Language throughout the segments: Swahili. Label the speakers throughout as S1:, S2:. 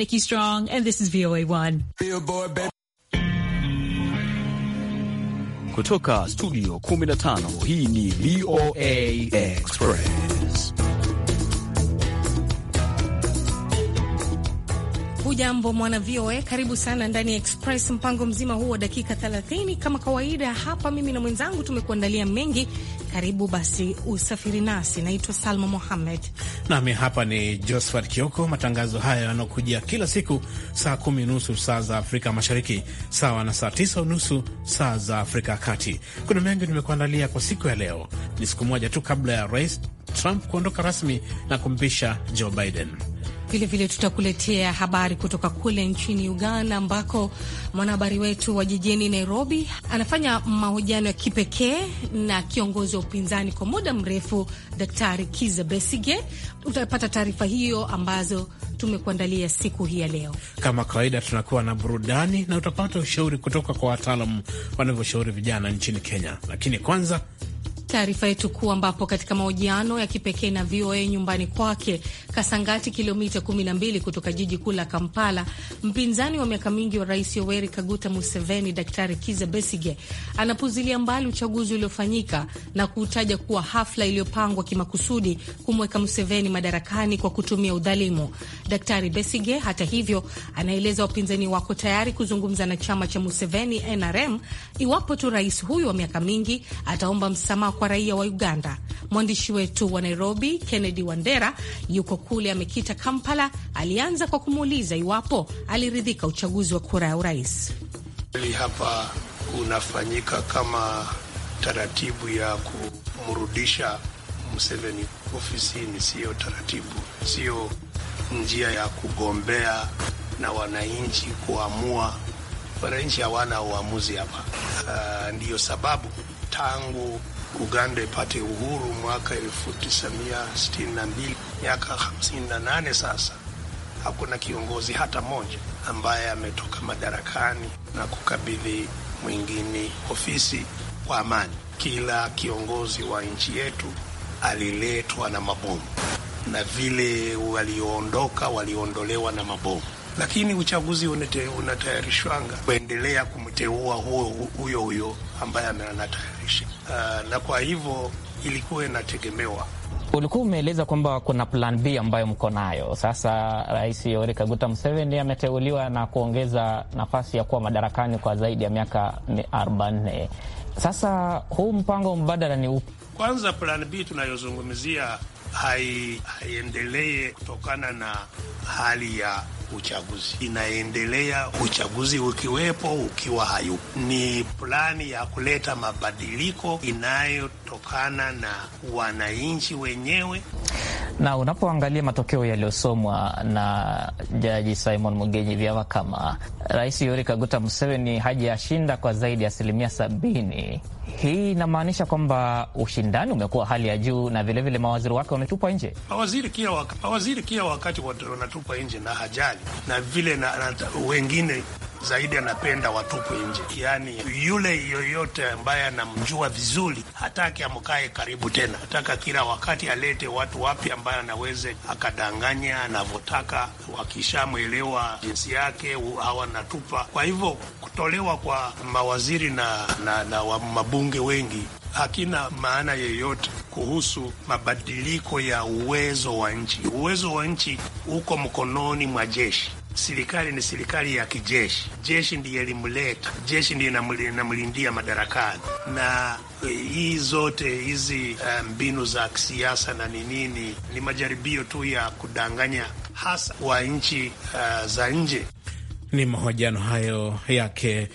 S1: Nikki Strong, and this is VOA1.
S2: Kutoka studio 15, hii ni VOA Express.
S3: Hujambo mwana VOA, karibu sana ndani ya Express, mpango mzima huu wa dakika 30. Kama kawaida, hapa mimi na mwenzangu tumekuandalia mengi. Karibu basi usafiri nasi. Naitwa Salma Mohamed
S4: nami hapa ni Josphat Kioko. Matangazo haya yanakujia kila siku saa kumi nusu saa za Afrika Mashariki, sawa na saa tisa nusu saa za Afrika ya Kati. Kuna mengi tumekuandalia kwa siku ya leo. Ni siku moja tu kabla ya Rais Trump kuondoka rasmi na kumpisha Joe Biden.
S3: Vilevile tutakuletea habari kutoka kule nchini Uganda, ambako mwanahabari wetu wa jijini Nairobi anafanya mahojiano ya kipekee na kiongozi wa upinzani kwa muda mrefu, Daktari Kiza Besige. Utapata taarifa hiyo ambazo tumekuandalia siku hii ya leo.
S4: Kama kawaida, tunakuwa na burudani na utapata ushauri kutoka kwa wataalamu wanavyoshauri vijana nchini Kenya, lakini kwanza
S3: Taarifa yetu kuu, ambapo katika mahojiano ya kipekee na VOA nyumbani kwake Kasangati, kilomita 12 kutoka jiji kuu la Kampala, mpinzani wa miaka mingi wa Rais Yoweri Kaguta Museveni, Daktari Kiza Besige anapuzilia mbali uchaguzi uliofanyika na kuutaja kuwa hafla iliyopangwa kimakusudi kumweka Museveni madarakani kwa kutumia udhalimu. Daktari Besige, hata hivyo, anaeleza wapinzani wako tayari kuzungumza na chama cha Museveni NRM iwapo tu rais huyu wa miaka mingi ataomba msamaha kwa raia wa Uganda. Mwandishi wetu wa Nairobi, Kennedy Wandera, yuko kule amekita Kampala. Alianza kwa kumuuliza iwapo aliridhika uchaguzi wa kura ya urais.
S5: Hili hapa unafanyika kama taratibu ya kumrudisha Museveni ofisini, siyo taratibu, siyo njia ya kugombea na wananchi kuamua. Wananchi hawana uamuzi hapa. Uh, ndiyo sababu tangu Uganda ipate uhuru mwaka 1962 miaka 58 sasa. Hakuna kiongozi hata mmoja ambaye ametoka madarakani na kukabidhi mwingine ofisi kwa amani. Kila kiongozi wa nchi yetu aliletwa na mabomu, na vile walioondoka waliondolewa na mabomu. Lakini uchaguzi unatayarishwanga kuendelea kumteua huyo huyo huyo ambaye anatayarisha uh, na kwa hivyo ilikuwa inategemewa.
S6: Ulikuwa umeeleza kwamba kuna plan B ambayo mko nayo sasa. Rais Yoweri Kaguta Museveni ameteuliwa na kuongeza nafasi ya kuwa madarakani kwa zaidi ya miaka arobaini. Sasa huu mpango mbadala ni upi?
S5: Kwanza, plan B tunayozungumzia haiendelee hai kutokana na hali ya uchaguzi inaendelea, uchaguzi ukiwepo, ukiwa hayupo, ni plani ya kuleta mabadiliko inayotokana na wananchi wenyewe.
S6: Na unapoangalia matokeo yaliyosomwa na Jaji Simon Mugenyi, vyama kama Rais Yoweri Kaguta Museveni hajashinda kwa zaidi ya asilimia sabini. Hii inamaanisha kwamba ushindani umekuwa hali ya juu, na vilevile vile mawaziri wake wametupwa nje.
S5: Mawaziri kila wakati wanatupwa nje na hajali na vile na, na, wengine zaidi anapenda watupwe nje. Yaani, yule yoyote ambaye anamjua vizuri hataki amkae karibu tena, nataka kila wakati alete watu wapya ambaye anaweza akadanganya anavyotaka. Wakishamwelewa jinsi yake natupa. Kwa hivyo kutolewa kwa mawaziri na, na, na wa mabunge wengi hakina maana yeyote kuhusu mabadiliko ya uwezo wa nchi. Uwezo wa nchi uko mkononi mwa jeshi. Serikali ni serikali ya kijeshi, jeshi ndiye limleta, jeshi ndiye inamlindia madarakani. Na eh, hii zote hizi eh, mbinu za kisiasa na ni nini, ni majaribio tu ya kudanganya hasa wa nchi uh, za nje.
S4: Ni mahojiano hayo yake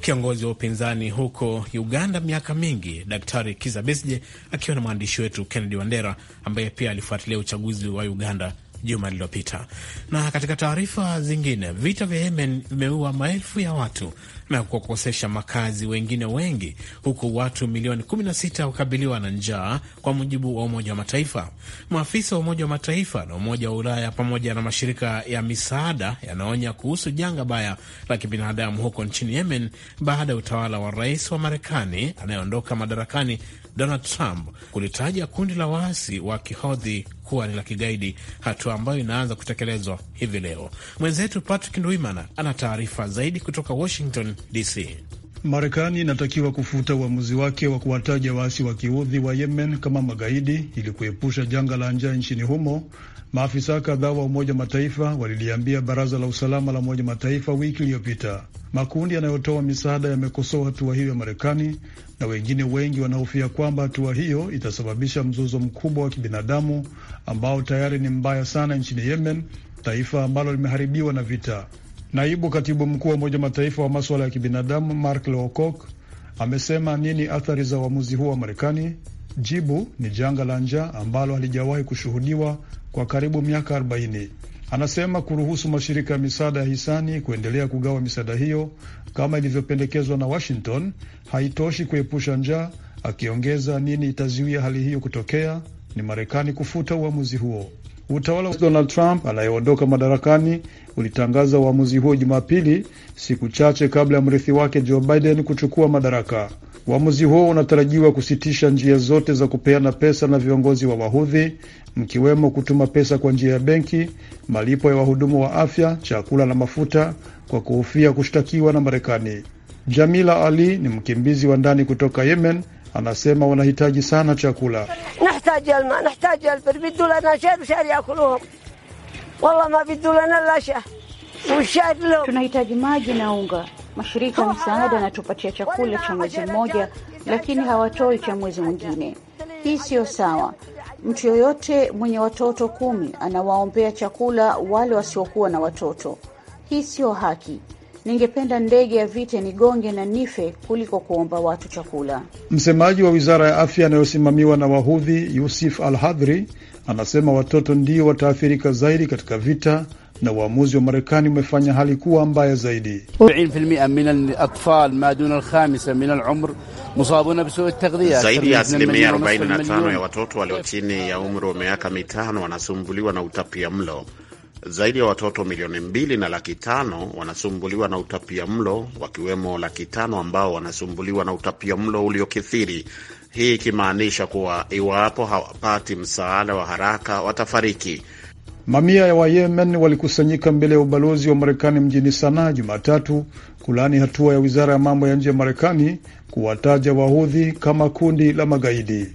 S4: kiongozi wa upinzani huko Uganda miaka mingi, Daktari Kiza akiwa na mwandishi wetu Kennedy Wandera ambaye pia alifuatilia uchaguzi wa Uganda juma lililopita. Na katika taarifa zingine, vita vya Yemen vimeua maelfu ya watu na kuwakosesha makazi wengine wengi, huku watu milioni 16 wakabiliwa na njaa kwa mujibu wa Umoja wa Mataifa. Maafisa wa Umoja wa Mataifa na Umoja wa Ulaya pamoja na mashirika ya misaada yanaonya kuhusu janga baya la kibinadamu huko nchini Yemen baada ya utawala wa rais wa Marekani anayeondoka madarakani Donald Trump kulitaja kundi la waasi wa kihodhi kuwa ni la kigaidi, hatua ambayo inaanza kutekelezwa hivi leo. Mwenzetu Patrick Ndwimana ana taarifa zaidi kutoka Washington DC.
S1: Marekani inatakiwa kufuta uamuzi wake wa kuwataja waasi wa kiudhi wa Yemen kama magaidi ili kuepusha janga la njaa nchini humo. Maafisa kadhaa wa Umoja Mataifa waliliambia Baraza la Usalama la Umoja Mataifa wiki iliyopita. Makundi yanayotoa misaada yamekosoa hatua hiyo ya Marekani na wengine wengi wanahofia kwamba hatua hiyo itasababisha mzozo mkubwa wa kibinadamu ambao tayari ni mbaya sana nchini Yemen, taifa ambalo limeharibiwa na vita. Naibu katibu mkuu wa Umoja Mataifa wa maswala ya kibinadamu Mark Lowcock amesema nini athari za uamuzi huo wa Marekani? Jibu ni janga la njaa ambalo halijawahi kushuhudiwa kwa karibu miaka 40. Anasema kuruhusu mashirika ya misaada ya hisani kuendelea kugawa misaada hiyo kama ilivyopendekezwa na Washington haitoshi kuepusha njaa, akiongeza, nini itazuia hali hiyo kutokea? Ni Marekani kufuta uamuzi huo. Utawala wa Donald Trump anayeondoka madarakani ulitangaza uamuzi huo Jumapili, siku chache kabla ya mrithi wake Joe Biden kuchukua madaraka. Uamuzi huo unatarajiwa kusitisha njia zote za kupeana pesa na viongozi wa Wahudhi, mkiwemo kutuma pesa kwa njia ya benki, malipo ya wahudumu wa afya, chakula na mafuta, kwa kuhofia kushtakiwa na Marekani. Jamila Ali ni mkimbizi wa ndani kutoka Yemen anasema wanahitaji sana chakula.
S3: Tunahitaji maji na unga. Mashirika ya msaada yanatupatia chakula cha mwezi mmoja, lakini hawatoi cha mwezi mwingine. Hii siyo sawa. Mtu yoyote mwenye watoto kumi anawaombea chakula wale wasiokuwa na watoto. Hii siyo haki ningependa ndege ya vita nigonge na nife kuliko kuomba
S2: watu chakula.
S1: Msemaji wa wizara ya afya anayosimamiwa na Wahudhi, Yusuf Al Hadhri, anasema watoto ndio wataathirika zaidi katika vita na uamuzi wa Marekani umefanya hali kuwa mbaya zaidi.
S6: Zaidi ya asilimia 45 ya
S4: watoto walio chini ya umri wa miaka mitano wanasumbuliwa na utapia mlo zaidi ya watoto milioni mbili na laki tano wanasumbuliwa na utapia mlo, wakiwemo laki tano ambao wanasumbuliwa na utapia mlo uliokithiri, hii ikimaanisha kuwa iwapo hawapati msaada wa haraka watafariki.
S1: Mamia ya Wayemen walikusanyika mbele ya ubalozi wa Marekani mjini Sanaa Jumatatu kulani hatua ya wizara ya mambo ya nje ya Marekani kuwataja Wahudhi kama kundi la magaidi.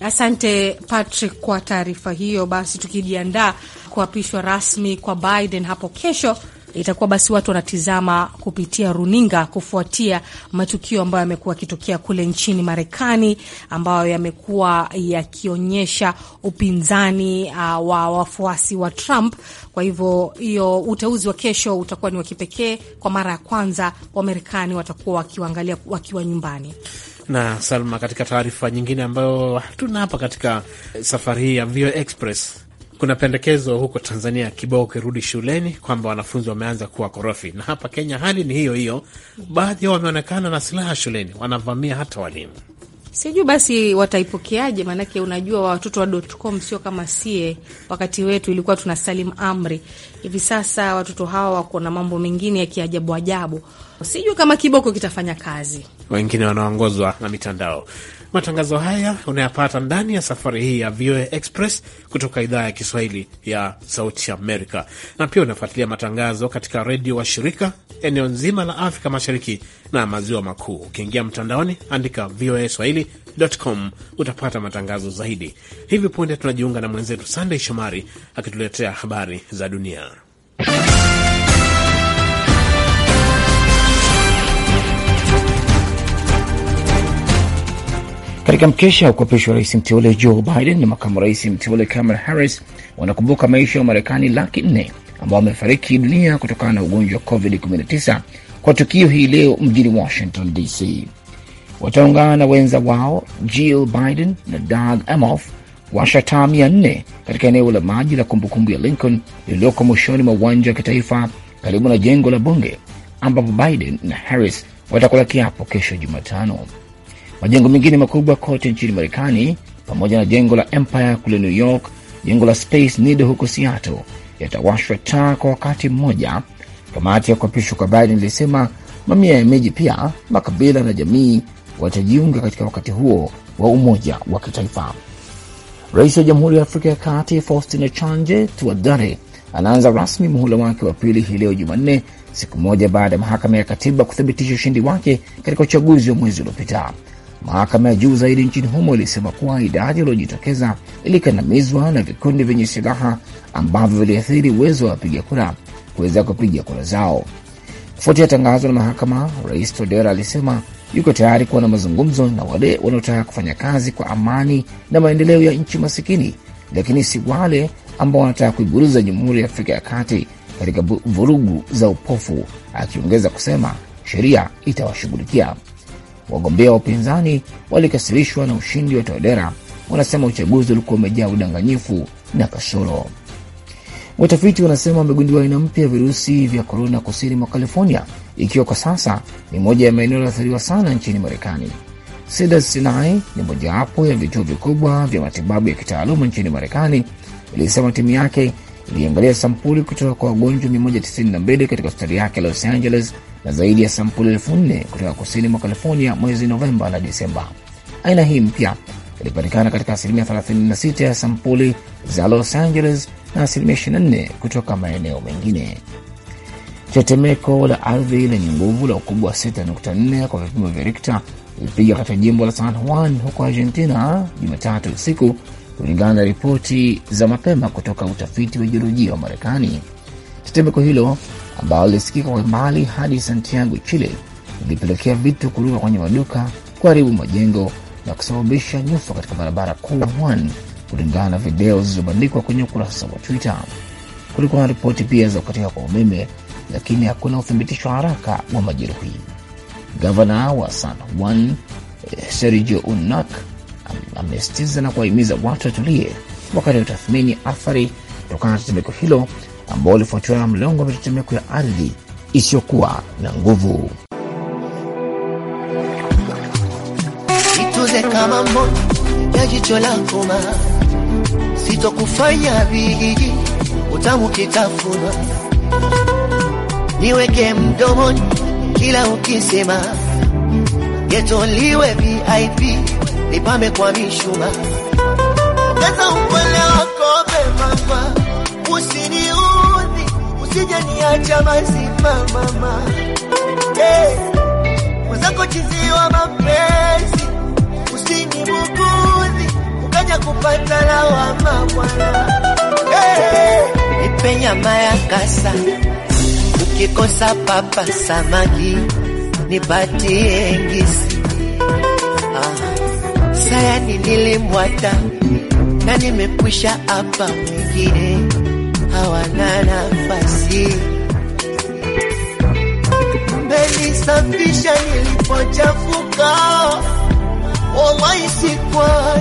S3: Asante Patrick kwa taarifa hiyo. Basi tukijiandaa kuapishwa rasmi kwa Biden hapo kesho, itakuwa basi watu wanatizama kupitia runinga kufuatia matukio ambayo yamekuwa yakitokea kule nchini Marekani, ambayo yamekuwa yakionyesha upinzani uh, wa wafuasi wa Trump. Kwa hivyo hiyo uteuzi wa kesho utakuwa ni wa kipekee. Kwa mara ya kwanza Wamarekani watakuwa wakiwaangalia wakiwa nyumbani
S4: na Salma. Katika taarifa nyingine ambayo hatuna hapa katika safari hii ya VOA Express, kuna pendekezo huko Tanzania, kibao kirudi shuleni, kwamba wanafunzi wameanza kuwa korofi, na hapa Kenya hali ni hiyo hiyo. Baadhi yao wameonekana na silaha shuleni, wanavamia hata walimu.
S3: Sijui basi wataipokeaje, maanake unajua watoto wa dotcom sio kama sie, wakati wetu ilikuwa tuna salim amri. Hivi sasa watoto hawa wako na mambo mengine ya kiajabu ajabu. Sijui kama kiboko kitafanya kazi,
S4: wengine wanaongozwa na mitandao. Matangazo haya unayapata ndani ya safari hii ya VOA Express kutoka idhaa ya Kiswahili ya Sauti Amerika, na pia unafuatilia matangazo katika redio wa shirika eneo nzima la Afrika Mashariki na Maziwa Makuu. Ukiingia mtandaoni, andika VOA swahili.com utapata matangazo zaidi. Hivi punde tunajiunga na mwenzetu Sandey Shomari akituletea habari za dunia.
S6: Katika mkesha wa kuapishwa rais mteule Joe Biden na makamu rais mteule Kamala Harris wanakumbuka maisha ya Marekani laki nne ambao wamefariki dunia kutokana na ugonjwa wa COVID-19 kwa tukio hii leo mjini Washington DC. Wataungana na wenza wao Jill Biden na Doug Emhoff kuwasha taa mia nne katika eneo la maji la kumbukumbu ya Lincoln lililoko mwishoni mwa uwanja wa kitaifa karibu na jengo la bunge ambapo Biden na Harris watakula kiapo kesho Jumatano. Majengo mengine makubwa kote nchini Marekani pamoja na jengo la Empire kule New York, jengo la Space Needle huko Seattle yatawashwa taa kwa wakati mmoja. Kamati ya kuapishwa kwa Biden ilisema mamia ya miji pia, makabila na jamii watajiunga katika wakati huo wa umoja wa kitaifa. Rais wa Jamhuri ya Afrika ya Kati Faustin Archange tuadare anaanza rasmi muhula wake wa pili hii leo Jumanne, siku moja baada ya mahakama ya katiba kuthibitisha ushindi wake katika uchaguzi wa mwezi uliopita. Mahakama ya juu zaidi nchini humo ilisema kuwa idadi iliyojitokeza ilikandamizwa na vikundi vyenye silaha ambavyo viliathiri uwezo wa wapiga kura kuweza kupiga kura zao. Kufuatia tangazo la mahakama, Rais Todera alisema yuko tayari kuwa na mazungumzo na wale wanaotaka kufanya kazi kwa amani na maendeleo ya nchi masikini, lakini si wale ambao wanataka kuiburuza Jamhuri ya Afrika ya Kati katika vurugu za upofu, akiongeza kusema sheria itawashughulikia. Wagombea wa upinzani walikasirishwa na ushindi wa todera wanasema uchaguzi ulikuwa umejaa udanganyifu na kasoro. Watafiti wanasema wamegundua aina mpya ya virusi vya korona kusini mwa California, ikiwa kwa sasa ni moja ya maeneo yaliyoathiriwa sana nchini Marekani. Cedars Sinai ni mojawapo ya vituo vikubwa vya matibabu ya kitaaluma nchini Marekani, ilisema timu yake iliangalia sampuli kutoka kwa wagonjwa 192 katika hospitali yake Los Angeles na zaidi ya sampuli elfu nne kutoka kusini mwa California mwezi Novemba na Disemba. Aina hii mpya ilipatikana katika asilimia 36 ya sampuli za Los Angeles na asilimia 24 kutoka maeneo mengine. Tetemeko la ardhi lenye nguvu la ukubwa wa 6.4 kwa vipimo vya Rikta lilipiga katika jimbo la San Juan huko Argentina Jumatatu usiku, kulingana na ripoti za mapema kutoka utafiti wa jiolojia wa Marekani. Tetemeko hilo ambao lilisikika kwa mbali hadi Santiago, Chile, ilipelekea vitu kuruka kwenye maduka, kuharibu majengo na kusababisha nyufa katika barabara kuu Wuhan, kulingana na video zilizobandikwa kwenye ukurasa wa Twitter. Kulikuwa na ripoti pia za kukatika kwa umeme, lakini hakuna uthibitisho haraka wa majeruhi. Gavana wa San Juan eh, Sergio Unac amesitiza na kuwahimiza watu watulie wakati wa tathmini athari kutokana na tetemeko hilo ambao ulifuatiwa na mlongo wa mitetemeko ya ardhi isiyokuwa na nguvu.
S7: Ituze kama ya jicho sitokufanya vijiji utamu kitafuna, niweke mdomoni kila ukisema, VIP lipambe kwa mishuma. Usije niacha mazima mama, hey, mwenzako chizi wa usini usinibuguzi ukaja kupata lawama bwana. nipe nyama ya kasa, ukikosa papa samaki nipatie ngisi. Ah, sayani nilimwata na nimekwisha apa mwingine hawana nafasi. Melisafisha nilipochafuka, wallahi si kwa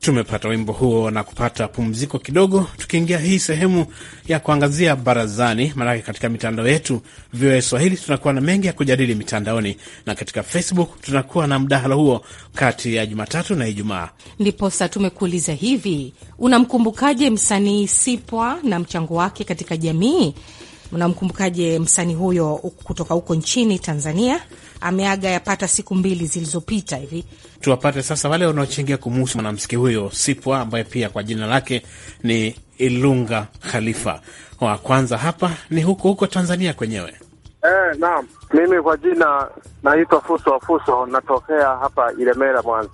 S4: Tumepata wimbo huo na kupata pumziko kidogo, tukiingia hii sehemu ya kuangazia barazani. Maanake katika mitandao yetu VOA Swahili tunakuwa na mengi ya kujadili mitandaoni, na katika Facebook tunakuwa na mdahalo huo kati ya Jumatatu na Ijumaa.
S3: Ndiposa tumekuuliza hivi, unamkumbukaje msanii Sipwa na mchango wake katika jamii? Unamkumbukaje msanii huyo kutoka huko nchini Tanzania? ameaga yapata siku mbili zilizopita hivi.
S4: Tuwapate sasa wale wanaochangia kumuhusu mwanamziki huyo Sipwa, ambaye pia kwa jina lake ni Ilunga Khalifa. Wa kwanza hapa ni huko huko Tanzania kwenyewe.
S7: Eh,
S5: naam, mimi kwa jina naitwa Fuso Wafuso, natokea hapa Ilemela, Mwanza.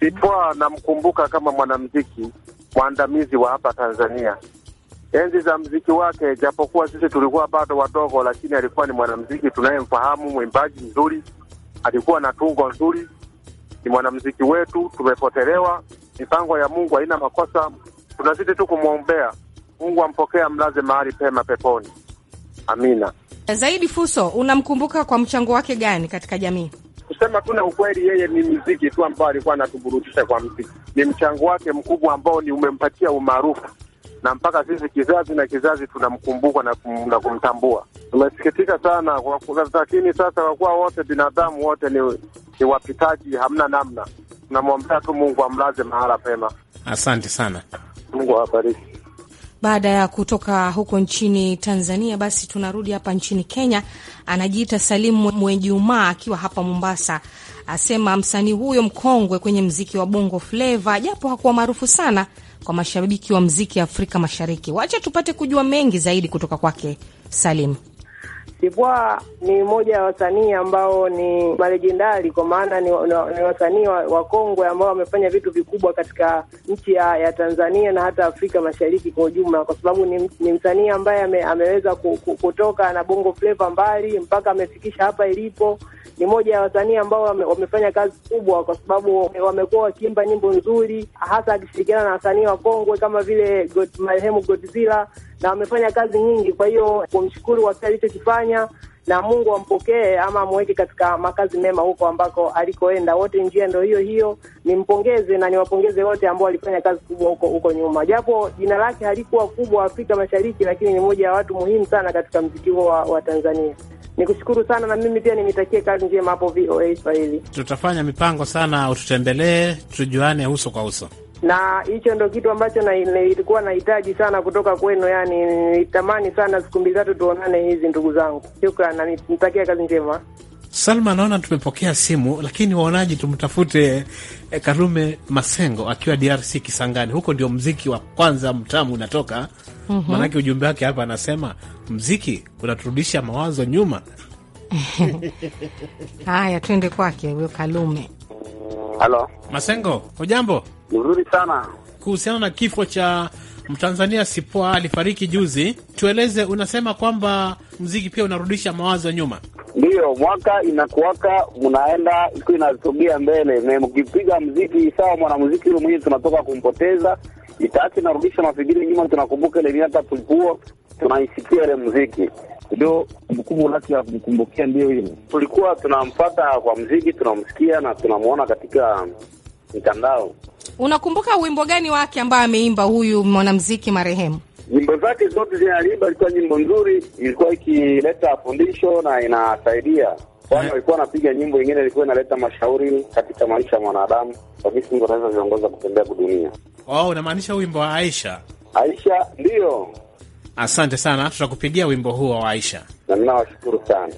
S5: Sipwa namkumbuka kama mwanamziki mwandamizi wa hapa Tanzania enzi za mziki wake, japokuwa sisi tulikuwa bado wadogo, lakini alikuwa ni mwanamziki tunayemfahamu, mwimbaji mzuri, alikuwa na tungo nzuri, ni mwanamziki wetu. Tumepotelewa, mipango ya Mungu haina makosa, tunazidi tu kumwombea Mungu ampokee, amlaze mahali pema peponi. Amina.
S3: Zaidi Fuso, unamkumbuka kwa mchango wake gani katika jamii?
S5: Kusema tuna ukweli, yeye ni mziki tu ambao alikuwa anatuburudisha kwa mziki, ni mchango wake mkubwa ambao ni umempatia umaarufu na mpaka sisi kizazi na kizazi tunamkumbuka na, kum, na kumtambua. Tumesikitika sana, lakini sasa kwa kuwa wote binadamu wote ni, ni wapitaji, hamna namna. Tunamwombea tu Mungu amlaze mahala pema.
S4: Asante sana,
S5: Mungu awabariki.
S3: Baada ya kutoka huko nchini Tanzania, basi tunarudi hapa nchini Kenya. Anajiita Salimu mwejumaa akiwa hapa Mombasa, asema msanii huyo mkongwe kwenye mziki wa bongo fleva, japo hakuwa maarufu sana kwa mashabiki wa mziki Afrika Mashariki. Wacha tupate kujua mengi zaidi kutoka kwake Salim.
S8: Sipwa ni mmoja ya wasanii ambao ni malejendari kwa maana ni, ni wasanii wakongwe wa ambao wamefanya vitu vikubwa katika nchi ya, ya Tanzania na hata Afrika Mashariki kwa ujumla, kwa sababu ni, ni msanii ambaye ame, ameweza kutoka na bongo fleva mbali mpaka amefikisha hapa ilipo. Ni moja ya wasanii ambao wame, wamefanya kazi kubwa, kwa sababu wamekuwa wakiimba nyimbo nzuri, hasa akishirikiana na wasanii wakongwe kama vile God, marehemu Godzilla na wamefanya kazi nyingi. Kwa hiyo kumshukuru kwa kile alichokifanya, na Mungu ampokee ama amweke katika makazi mema huko ambako alikoenda. Wote njia ndio hiyo hiyo, nimpongeze na niwapongeze wote ambao walifanya kazi kubwa huko huko nyuma, japo jina lake halikuwa kubwa Afrika Mashariki, lakini ni moja ya watu muhimu sana katika mziki huo wa, wa Tanzania. Nikushukuru sana na mimi pia nimitakie kazi njema hapo VOA Swahili.
S4: Tutafanya mipango sana, ututembelee, tujuane uso kwa uso
S8: na hicho ndo kitu ambacho na, ilikuwa nahitaji sana kutoka kwenu. Yani nitamani sana siku mbili tatu tuonane hizi, ndugu zangu. Shukran na nitakia kazi njema.
S4: Salma, naona tumepokea simu, lakini waonaji, tumtafute eh, Karume Masengo akiwa DRC Kisangani. Huko ndio mziki wa kwanza mtamu unatoka. mm -hmm. Maanake ujumbe wake hapa anasema mziki unaturudisha mawazo nyuma.
S3: Haya, twende kwake huyo Kalume.
S4: Halo Masengo, hujambo? Nzuri sana. Kuhusiana na kifo cha Mtanzania Sipoa alifariki juzi, tueleze. Unasema kwamba mziki pia unarudisha mawazo nyuma?
S2: Ndiyo, mwaka inakuwaka mnaenda siku inasogea mbele, na mkipiga mziki sawa, mwanamuziki huyo mwenyewe tunatoka kumpoteza, itaati inarudisha mafikiri nyuma, tunakumbuka ile miaka tulikuwa tunaisikia ile mziki ndio kumbukumbu lake ya kumkumbukia, ndio hilo. Tulikuwa tunampata kwa mziki, tunamsikia na tunamwona katika mtandao
S3: Unakumbuka wimbo gani wake ambaye ameimba huyu mwanamziki marehemu?
S2: Nyimbo zake zote aliimba ilikuwa nyimbo nzuri, ilikuwa ikileta fundisho na inasaidia kwani walikuwa wanapiga nyimbo ingine ilikuwa inaleta mashauri katika maisha ya mwanadamu kwa visi mtu naweza viongoza kutembea kudunia.
S4: Wow, unamaanisha wimbo wa Aisha?
S2: Aisha, ndiyo.
S4: Asante sana, tutakupigia wimbo huo wa Aisha
S2: na sana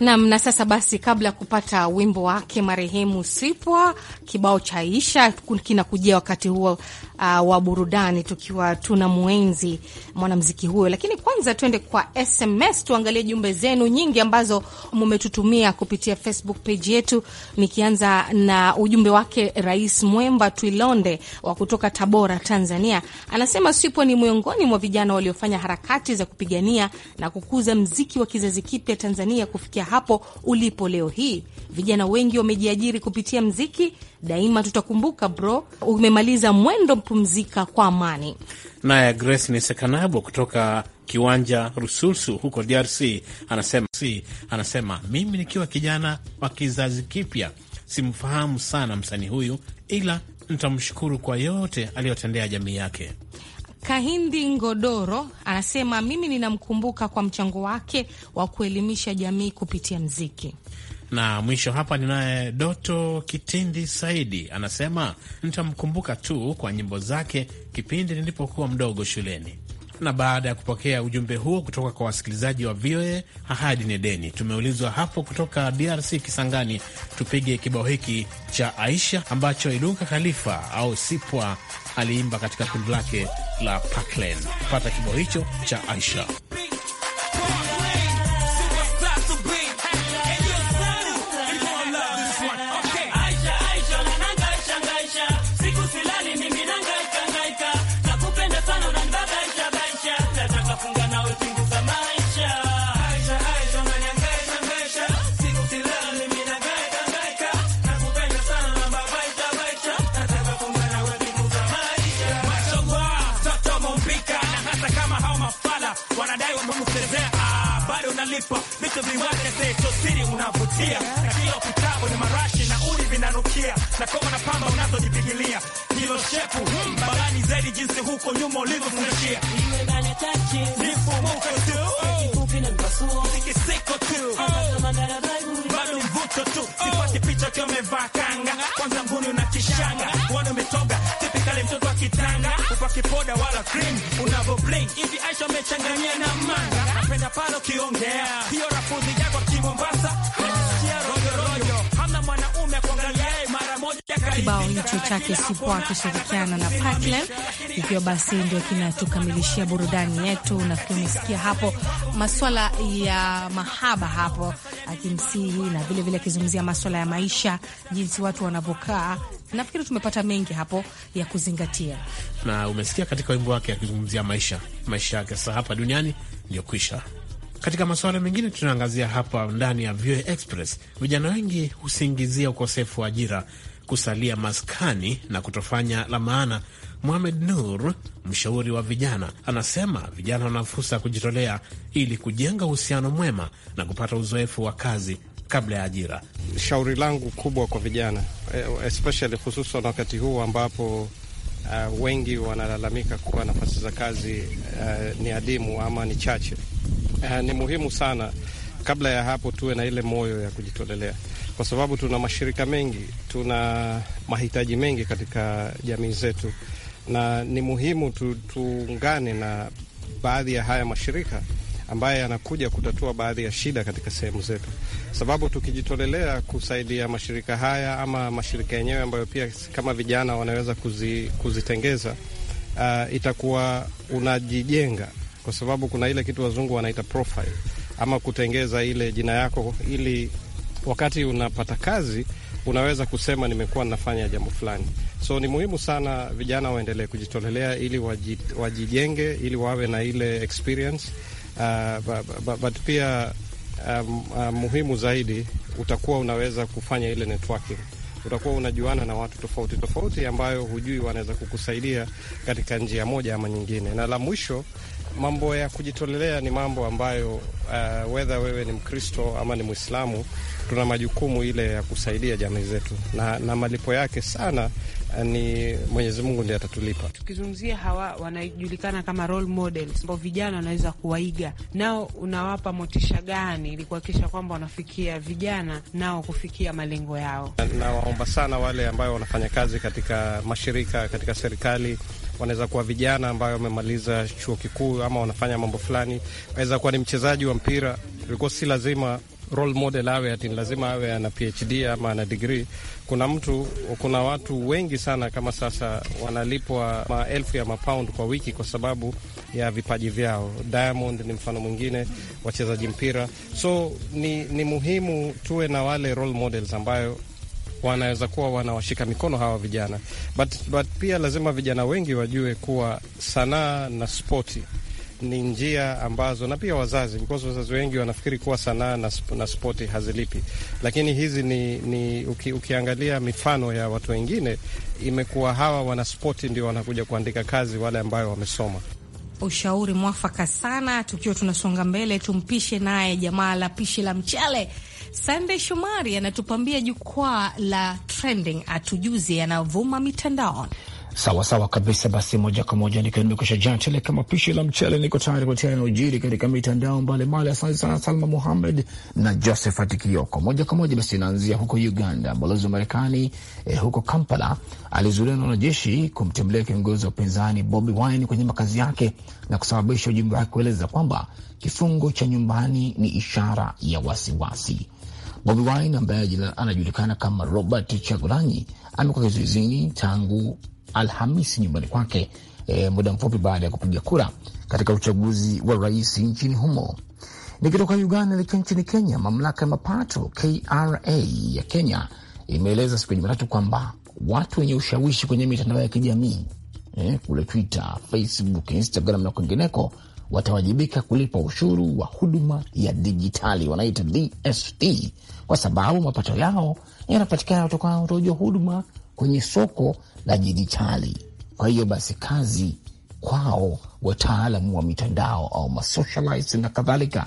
S3: nam. Na sasa basi, kabla ya kupata wimbo wake marehemu Sipwa, kibao cha Aisha kinakujia wakati huo uh, wa burudani tukiwa tuna mwenzi mwanamziki huyo. Lakini kwanza tuende kwa SMS tuangalie jumbe zenu nyingi ambazo mumetutumia kupitia Facebook page yetu, nikianza na ujumbe wake Rais Mwemba Twilonde wa kutoka Tabora, Tanzania. Anasema sipo ni miongoni mwa vijana waliofanya harakati za kupigania na kukuza mziki wa kizazi kipya Tanzania kufikia hapo ulipo leo hii. Vijana wengi wamejiajiri kupitia mziki. Daima tutakumbuka bro, umemaliza mwendo kupumzika kwa amani.
S4: Naye Grace Nisekanabo kutoka kiwanja Rususu huko DRC anasema si, anasema mimi nikiwa kijana wa kizazi kipya simfahamu sana msanii huyu, ila nitamshukuru kwa yote aliyotendea jamii yake.
S3: Kahindi Ngodoro anasema mimi ninamkumbuka kwa mchango wake wa kuelimisha jamii kupitia mziki.
S4: Na mwisho hapa ninaye Doto Kitindi Saidi, anasema nitamkumbuka tu kwa nyimbo zake kipindi nilipokuwa mdogo shuleni. Na baada ya kupokea ujumbe huo kutoka kwa wasikilizaji wa VOA Ahadi ni Deni, tumeulizwa hapo kutoka DRC Kisangani, tupige kibao hiki cha Aisha ambacho Iduka Khalifa au Sipwa aliimba katika kundi lake la Parkland. Pata kibao hicho cha Aisha.
S2: kuvutia na kila upitapo ni marashi na udi vinanukia na koma na pamba unazojipigilia hilo shepu barani zaidi jinsi huko nyuma ulivyofundishia picha kanga kwanza kishanga wana poda wala cream unavyo blink, hivi aisha umechanganyia na manga napenda palo kiongea, hiyo rafuzi yako
S3: kibao hicho chake sipo akishirikiana na Patlen, ikiwa basi ndio kinatukamilishia burudani yetu. Nafikiri umesikia hapo maswala ya mahaba hapo akimsihi na vilevile akizungumzia vile maswala ya maisha, jinsi watu wanavyokaa. Nafikiri tumepata mengi hapo ya kuzingatia,
S4: na umesikia katika wimbo wake akizungumzia maisha maisha yake sasa hapa duniani ndio kwisha. Katika masuala mengine tunaangazia hapa ndani ya VOA Express, vijana wengi husingizia ukosefu wa ajira kusalia maskani na kutofanya la maana. muhamed Nur, mshauri wa vijana, anasema vijana wana fursa ya kujitolea ili kujenga uhusiano mwema na kupata uzoefu wa kazi kabla ya ajira.
S9: Shauri langu kubwa kwa vijana, eh, especially hususan wakati huu ambapo Uh, wengi wanalalamika kuwa nafasi za kazi uh, ni adimu ama ni chache. Uh, ni muhimu sana kabla ya hapo tuwe na ile moyo ya kujitolelea, kwa sababu tuna mashirika mengi, tuna mahitaji mengi katika jamii zetu, na ni muhimu tu, tuungane na baadhi ya haya mashirika ambaye yanakuja kutatua baadhi ya shida katika sehemu zetu, sababu tukijitolelea kusaidia mashirika haya ama mashirika yenyewe ambayo pia kama vijana wanaweza kuzi, kuzitengeza uh, itakuwa unajijenga, kwa sababu kuna ile kitu wazungu wanaita profile ama kutengeza ile jina yako, ili wakati unapata kazi unaweza kusema nimekuwa nafanya jambo fulani. So ni muhimu sana vijana waendelee kujitolelea ili waji, wajijenge ili wawe na ile experience uh, but, but, but pia um, uh, muhimu zaidi utakuwa unaweza kufanya ile networking utakuwa unajuana na watu tofauti tofauti ambayo hujui wanaweza kukusaidia katika njia moja ama nyingine. Na la mwisho Mambo ya kujitolelea ni mambo ambayo uh, wedha wewe ni Mkristo ama ni Mwislamu, tuna majukumu ile ya kusaidia jamii zetu, na, na malipo yake sana uh, ni Mwenyezi Mungu ndiye atatulipa.
S8: Tukizungumzia hawa wanajulikana kama role models ambao vijana wanaweza kuwaiga, nao unawapa motisha gani ili kuhakikisha kwamba wanafikia vijana nao kufikia malengo yao?
S9: Nawaomba na sana wale ambayo wanafanya kazi katika mashirika, katika serikali wanaweza kuwa vijana ambayo wamemaliza chuo kikuu ama wanafanya mambo fulani, waweza kuwa ni mchezaji wa mpira. Ilikuwa si lazima role model awe ati ni lazima awe ana PhD ama ana degree. Kuna mtu, kuna watu wengi sana kama sasa wanalipwa maelfu ya mapound kwa wiki kwa sababu ya vipaji vyao. Diamond ni mfano mwingine, wachezaji mpira. So ni, ni muhimu tuwe na wale role models ambayo wanaweza kuwa wanawashika mikono hawa vijana but, but pia lazima vijana wengi wajue kuwa sanaa na spoti ni njia ambazo na pia wazazi, because wazazi wengi wanafikiri kuwa sanaa na, na spoti hazilipi, lakini hizi ni, ni uki, ukiangalia mifano ya watu wengine imekuwa hawa wana spoti ndio wanakuja kuandika kazi wale ambayo wamesoma.
S3: Ushauri mwafaka sana. Tukiwa tunasonga mbele, tumpishe naye jamaa la pishi la mchele Sandey Shomari anatupambia jukwaa la trending, atujuze yanavuma mitandaoni.
S6: Sawa sawa kabisa. Basi moja kwa moja nikiwa nimekusha jaa tele kama pishi la mchele, niko tayari kuletea yanayojiri katika mitandao mbalimbali. Asante sana Salma Muhamed na Josephat Kioko. Moja kwa moja basi inaanzia huko Uganda. Balozi wa Marekani eh, huko Kampala alizuliwa na wanajeshi kumtembelea kiongozi wa upinzani Bobi Wine kwenye makazi yake na kusababisha ujumbe wake kueleza kwamba kifungo cha nyumbani ni ishara ya wasiwasi wasi. Bobi Wine ambaye anajulikana kama Robert Chagulanyi amekuwa kizuizini tangu Alhamisi nyumbani kwake, e, muda mfupi baada ya kupiga kura katika uchaguzi wa rais nchini humo. Nikitoka Uganda likia nchini Kenya, mamlaka ya mapato KRA ya Kenya imeeleza siku ya Jumatatu kwamba watu wenye ushawishi kwenye mitandao ya kijamii eh, kule Twitter, Facebook, Instagram na kwingineko watawajibika kulipa ushuru wa huduma ya dijitali wanaita DST, kwa sababu mapato yao yanapatikana kutokana na utoaji wa huduma kwenye soko la dijitali. Kwa hiyo basi, kazi kwao wataalamu wa mitandao au masocialites na kadhalika,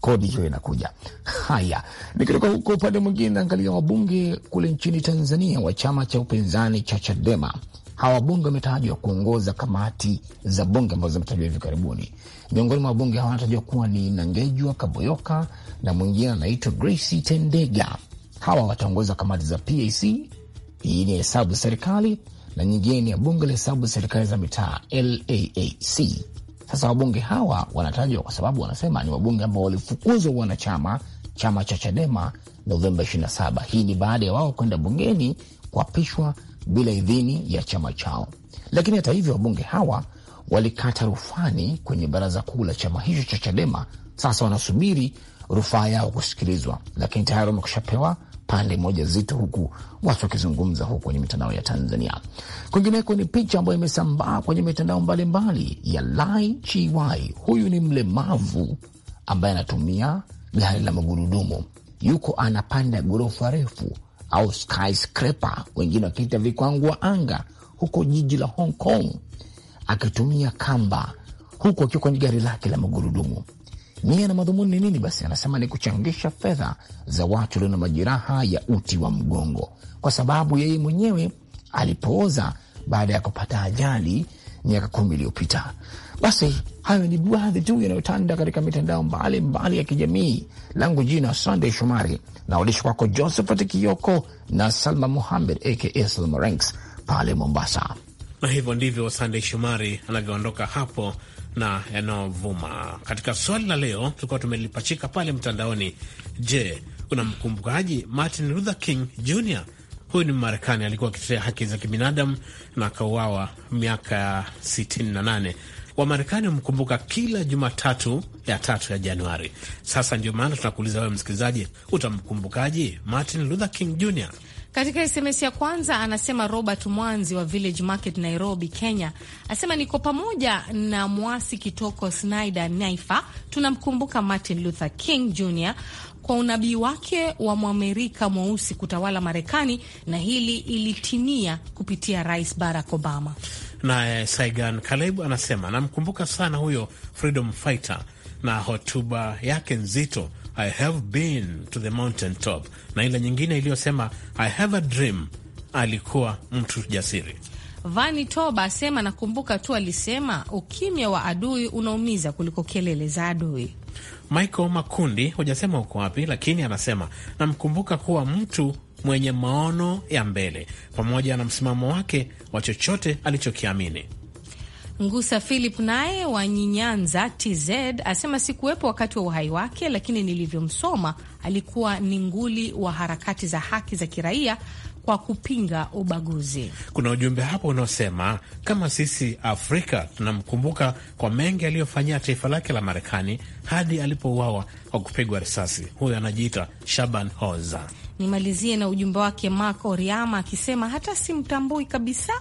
S6: kodi hiyo inakuja. Haya, nikitoka huko upande mwingine, naangalia wabunge kule nchini Tanzania wa chama cha upinzani cha Chadema hawa wabunge wametajwa kuongoza kamati za bunge ambazo zimetajwa hivi karibuni. Miongoni mwa wabunge hawa wanatajwa kuwa ni Nangejwa Kaboyoka na mwingine anaitwa Gracie Tendega. Hawa wataongoza kamati za PAC, hii ni hesabu serikali, na nyingine ni ya bunge la hesabu serikali za mitaa LAAC. Sasa wabunge hawa wanatajwa kwa sababu wanasema ni wabunge ambao walifukuzwa wanachama chama cha Chadema Novemba 27. Hii ni baada ya wao kwenda bungeni kuapishwa bila idhini ya chama chao. Lakini hata hivyo, wabunge hawa walikata rufani kwenye baraza kuu la chama hicho cha Chadema. Sasa wanasubiri rufaa yao kusikilizwa, lakini tayari wamekushapewa pande moja zito, huku watu wakizungumza huku kwenye mitandao ya Tanzania. Kwingineko ni picha ambayo imesambaa kwenye mitandao mbalimbali ya Lai Chiwai. Huyu ni mlemavu ambaye anatumia gari la magurudumu, yuko anapanda ghorofa refu au skyscraper, wengine wakiita vikwangua anga huko jiji la Hong Kong, akitumia kamba huku akiwa kwenye gari lake la magurudumu. Nia na madhumuni ni nini? Basi anasema ni kuchangisha fedha za watu walio na majeraha ya uti wa mgongo, kwa sababu yeye mwenyewe alipooza baada ya kupata ajali miaka kumi iliyopita. Basi Hayo ni baadhi tu yanayotanda katika mitandao mbalimbali ya kijamii. Langu jina Sandey Shomari na waandishi kwako Josephat Kioko na Salma Muhamed aka Salma Ranks pale Mombasa.
S4: Na hivyo ndivyo Sandey Shomari anavyoondoka hapo na yanayovuma katika swali la leo. Tulikuwa tumelipachika pale mtandaoni. Je, unamkumbukaji Martin Luther King Jr? Huyu ni Mmarekani, alikuwa akitetea haki za kibinadamu na akauawa miaka 68 Wamarekani wamkumbuka kila Jumatatu ya tatu ya Januari. Sasa ndio maana tunakuuliza wewe msikilizaji, utamkumbukaje Martin Luther King Jr?
S3: Katika SMS ya kwanza anasema Robert Mwanzi wa Village Market, Nairobi, Kenya, asema niko pamoja na mwasi Kitoko Snyder Naifa, tunamkumbuka Martin Luther King Jr kwa unabii wake wa Mwamerika mweusi kutawala Marekani, na hili ilitimia kupitia Rais Barack Obama.
S4: Naye Saigan Kaleb anasema namkumbuka sana huyo freedom fighter na hotuba yake nzito I have been to the mountain top, na ile nyingine iliyosema I have a dream. Alikuwa mtu jasiri.
S3: Vani Toba asema nakumbuka tu, alisema ukimya wa adui unaumiza kuliko kelele za adui.
S4: Michael Makundi, hujasema uko wapi, lakini anasema namkumbuka kuwa mtu mwenye maono ya mbele pamoja na msimamo wake wa chochote alichokiamini.
S3: Ngusa Philip naye wa Nyinyanza TZ asema sikuwepo wakati wa uhai wake, lakini nilivyomsoma alikuwa ni nguli wa harakati za haki za kiraia kwa kupinga ubaguzi.
S4: Kuna ujumbe hapo unaosema kama sisi Afrika tunamkumbuka kwa mengi aliyofanyia taifa lake la Marekani hadi alipouawa kwa kupigwa risasi. Huyo anajiita Shaban Hoza.
S3: Nimalizie na ujumbe wake Marco Riama akisema hata simtambui kabisa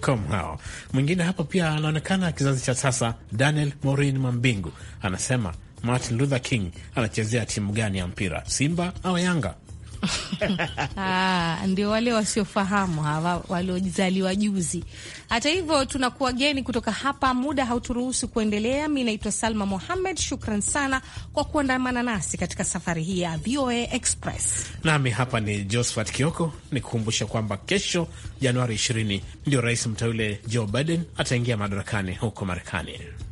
S4: com hao. Mwingine hapo pia anaonekana kizazi cha sasa, Daniel Morin Mambingu anasema Martin Luther King anachezea timu gani ya mpira, Simba au Yanga?
S3: Ah, ndio wale wasiofahamu hawa waliozaliwa juzi. Hata hivyo, tunakuwa geni kutoka hapa, muda hauturuhusu kuendelea. Mi naitwa Salma Mohamed, shukran sana kwa kuandamana nasi katika safari hii ya VOA Express.
S4: Nami hapa ni Josephat Kioko, nikukumbusha kwamba kesho Januari 20 ndio rais mteule Joe Biden ataingia madarakani huko Marekani.